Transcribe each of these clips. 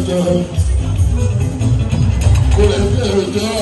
kò lè fi èròjọ́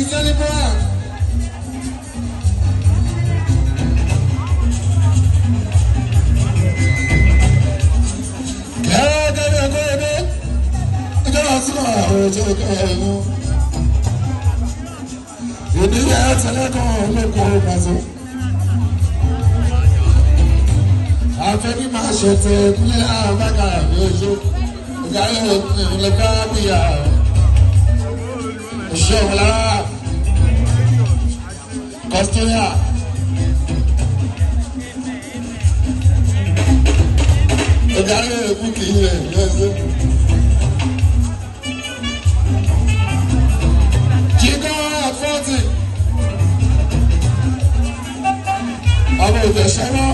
Baby Johnny Brown. Ìdílé àtẹlẹ́kọ̀ọ́ olóko ọ̀gbàzọ́. Àfẹ́bí máa ṣètò ní àbága lójú. Ìgbà yóò lè bá bíyà. Ìṣòwò lára. Australia. Ìdarí èkú kì í yẹ ẹ̀yẹ́sẹ̀. Jígọ́ àfọ́tì. Àwọn òjòṣẹ́wọ́.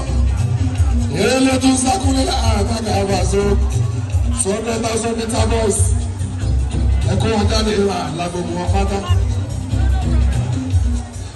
Ìrẹ́lẹ̀ tó ń sákúnlé láàárín àgbàgbà àbàṣọ. Sọ́dọ̀ ẹ̀ta sọ́dọ̀ ẹ̀ta bọ́ọ̀sì. Ẹ̀kọ́ wọn jáde ìlà làgbògbò